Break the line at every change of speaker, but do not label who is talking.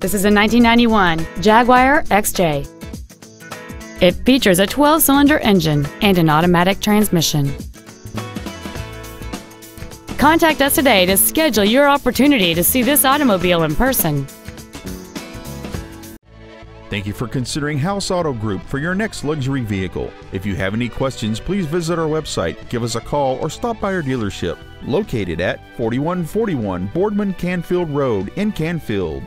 This is a 1991 Jaguar XJ. It features a 12-cylinder engine and an automatic transmission. Contact us today to schedule your opportunity to see this automobile in person.
Thank you for considering House Auto Group for your next luxury vehicle. If you have any questions, please visit our website, give us a call, or stop by our dealership located at 4141 Boardman Canfield Road in Canfield.